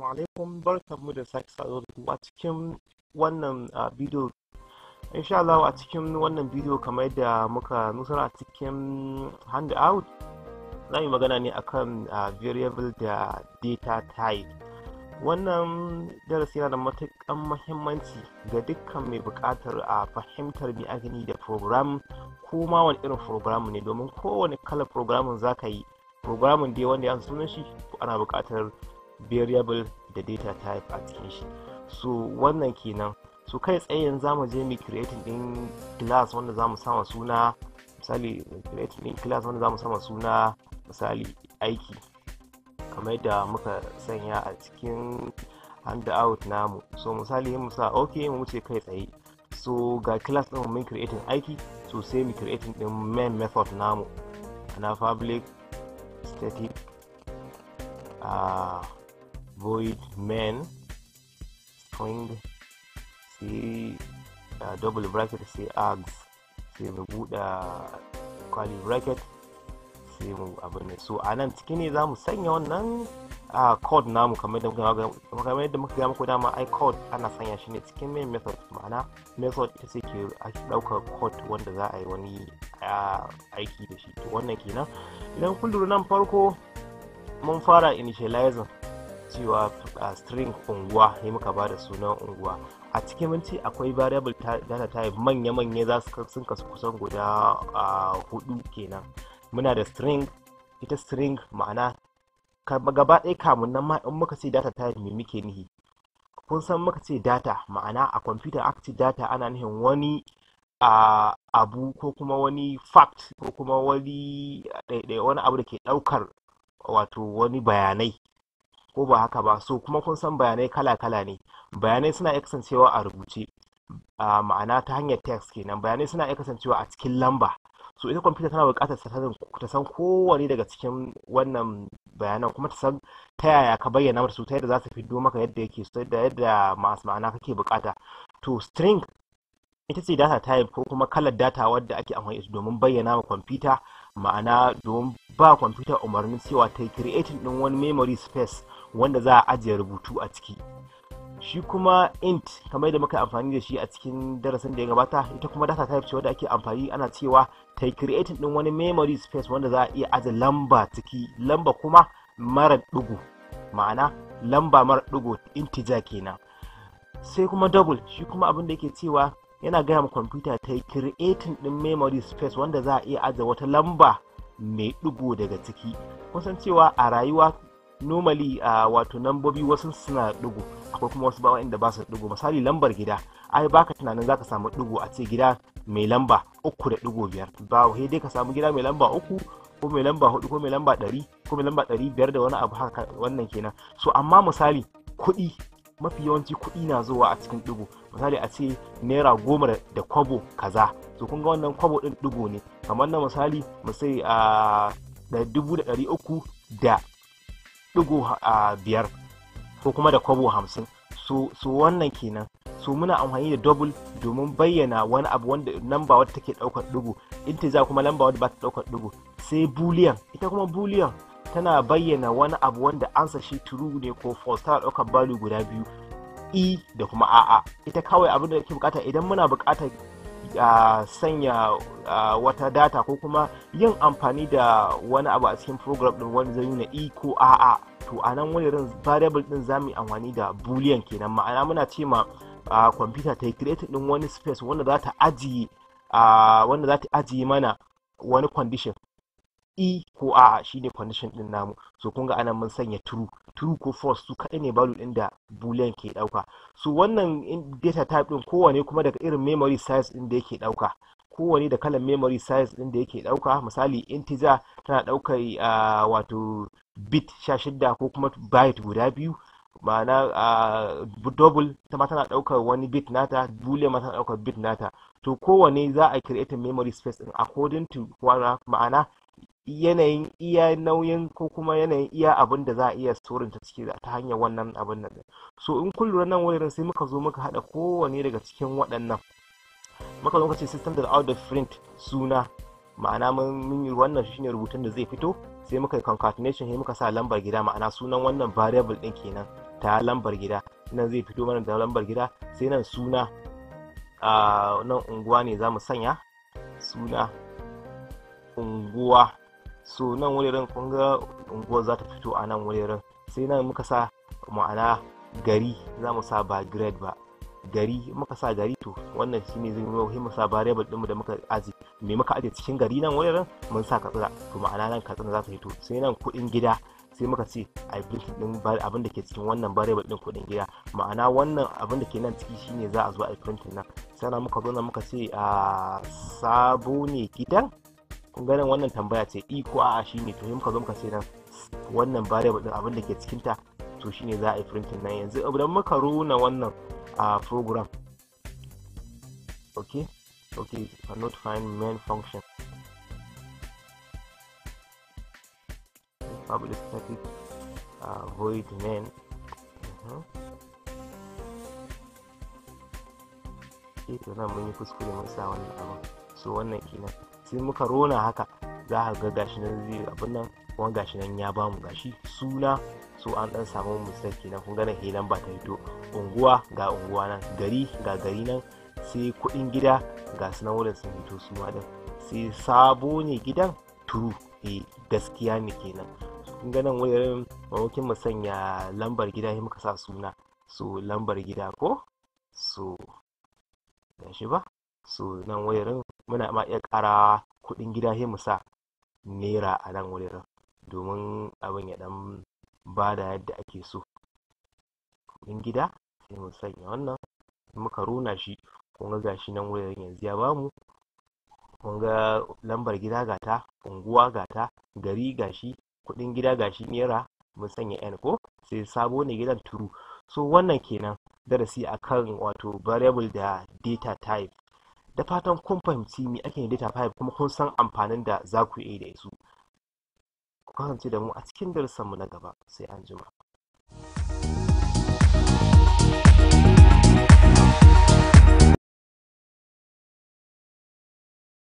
Assalamu alaikum barkanmu da sake saduwa ku a cikin wannan ah, bidiyo insha Allah a cikin wannan bidiyo kamar da muka nusar a cikin out za yi magana ne akan ah, variable da data type wannan darasi yana da matukan mahimmanci ga dukkan mai buƙatar a ah, fahimtar mai agani da program ko ma wani irin program ne domin kowane kalar program za ka yi program dai wanda ya sunan shi ana buƙatar variable da data type a cikin shi so wannan kenan so kai tsaye yanzu zamu je mu create din class wanda zamu sama suna misali create din class wanda zamu sama suna misali aiki kamar yadda muka sanya a cikin handout namu so misali mu sa ok mu wuce kai tsaye so ga class din mun creating aiki so sai mu create din main method namu ana public static uh, void main string sai uh, double bracket sai args sai mu buɗe curly bracket sai mu abin so a nan ciki ne za mu sanya wannan a code namu kamar yadda muka ga muku dama ai code ana sanya shi ne cikin main method ma'ana method ita ce ke ɗaukar code wanda za a yi wani aiki da shi to wannan kenan idan kun lura nan farko mun fara initializing cewa string unguwa ne muka ba da sunan unguwa a cikin minti akwai variable data type manya-manya za su sun kasu kusan guda hudu kenan muna da string ita string ma'ana gaba ɗaya kamun nan ma in muka ce data type me muke nihi kun san muka ce data ma'ana a computer active data ana nihin wani a abu ko kuma wani fact ko kuma wani wani abu da ke ɗaukar wato wani bayanai ko ba haka ba so kuma kun san bayanai kala-kala ne bayanai suna iya kasancewa a rubuce a ma'ana ta hanyar text kenan bayanai suna iya kasancewa a cikin lamba so ita kwamfuta tana buƙatar ta san kowane daga cikin wannan bayanan kuma ta san ta yaya ka bayyana su ta yadda za su fiddo maka yadda yake su da yadda masu ma'ana kake bukata to string ita ce data type ko kuma kalar data wadda ake amfani da domin bayyana ma kwamfuta ma'ana domin ba kwamfuta umarnin cewa ta creating din wani memory space wanda za a ajiye rubutu a ciki shi kuma int kamar da muka amfani da shi a cikin darasin da ya gabata ita kuma data type ce wanda ake amfani ana cewa ta yi creating din wani memory space wanda za a iya ajiye lamba ciki lamba kuma mara ɗigo ma'ana lamba mara ɗigo integer kenan sai kuma double shi kuma abin da yake cewa yana gaya ma kwamfuta ta creating din memory space wanda za a iya ajiye wata lamba mai ɗigo daga ciki kusan cewa a rayuwa normally a wato nambobi wasu suna ɗigo akwai kuma wasu ba inda ba su ɗigo misali lambar gida ai baka tunanin zaka samu ɗigo a ce gida mai lamba uku da ɗigo biyar ba wai dai ka samu gida mai lamba uku ko mai lamba hudu ko mai lamba ɗari ko mai lamba ɗari biyar da wani abu haka wannan kenan so amma misali kuɗi mafi yawanci kuɗi na zuwa a cikin ɗigo misali a ce naira goma da kwabo kaza to kun ga wannan kwabo din dubu ne kamar na misali mu sai a da dubu da ɗari uku da a biyar ko kuma da kwabo hamsin so wannan kenan so muna amfani da double domin bayyana wani abu wanda lamba wadda take daukar ta za kuma lamba wadda ba ta daukar dubu sai boolean ita kuma boolean tana bayyana wani abu wanda ansa shi true ne ko false tana daukar value guda biyu i da kuma a'a ita kawai abin da ke bukata idan muna bukata a sanya wata data ko kuma yin amfani da wani abu a cikin program din wani zai na i ko a'a to a nan wani variable din za mu amfani da boolean kenan ma'ana muna ce ma kwamfuta ta yi din wani space wanda za ta ajiye wanda za ta ajiye mana wani condition e ko a shine condition din namu so kun ga anan mun sanya true true ko false su kaɗai ne value din da boolean ke ɗauka so wannan data type din kowane kuma daga irin memory size din da yake dauka kowane da kalan memory size din da yake ɗauka misali integer tana ɗaukar wato bit 16 ko kuma byte guda biyu ma'ana uh, double ta ma tana ɗaukar wani bit nata boolean ma tana ɗaukar bit nata to kowane za a create memory space according to ma'ana yanayin iya nauyin ko kuma yanayin iya abin da za a iya saurinta ciki ta hanyar wannan abin nan so in kun lura nan wurin sai muka zo muka hada kowane daga cikin waɗannan muka zo muka ce system da out of print suna ma'ana mun yi wannan shine rubutun da zai fito sai muka yi concatenation sai muka sa lambar gida ma'ana sunan wannan variable din kenan ta lambar gida nan zai fito mana da lambar gida sai nan suna a nan unguwa ne za mu sanya suna unguwa so nan wuraren kun ga unguwar za ta fito a nan wuraren sai nan muka sa ma'ana gari za mu sa ba grade ba gari muka sa gari to wannan shine zai yi muhimmi sa variable mu da muka aji me muka aje cikin gari nan wuraren mun sa katsina to ma'ana nan katsina za ta fito sai nan kuɗin gida sai muka ce a yi printing din abin da ke cikin wannan variable din kuɗin gida ma'ana wannan abin da ke nan ciki shine za a zo a yi printing nan sana muka zo na muka ce a ah, sabo ne gidan ganin wannan tambaya ce i ko a'a shine to muka zo muka sai nan wannan variable din abin da ke cikin ta to shine za a yi printing nan yanzu idan muka runa wannan a program okay okay cannot find main function public static uh, void main uh -huh. ita eh, mun yi kuskure mun sa wannan abin so wannan kenan sai muka rona haka za a ga gashi nan zai abin nan kuma gashi nan ya bamu gashi suna so an dan samu musaki na kun gane helan ba ta hito unguwa ga unguwa nan gari ga gari nan sai kuɗin gida ga sunan wurin sun hito ma din sai sabo ne gidan turu e gaskiya ne kenan kun ga wurin mamakin mu sanya lambar gida sai muka sa suna so lambar gida ko so gashi ba so nan wayarin muna ma iya ƙara kuɗin gida sai mu sa naira a nan wurin domin abin ya ɗan ba da yadda ake so kuɗin gida sai mu sanya wannan muka runa shi kun ga gashi nan wurin yanzu ya bamu kun ga lambar gida gata unguwa gata gari gashi kuɗin gida gashi naira mun sanya n ko sai sabo ne gidan turu so wannan kenan darasi akan wato variable da data type da fatan kun fahimci me ake data pipe kuma kun san amfanin da za ku yi da su ku kasance da mu a cikin mu na gaba sai an jima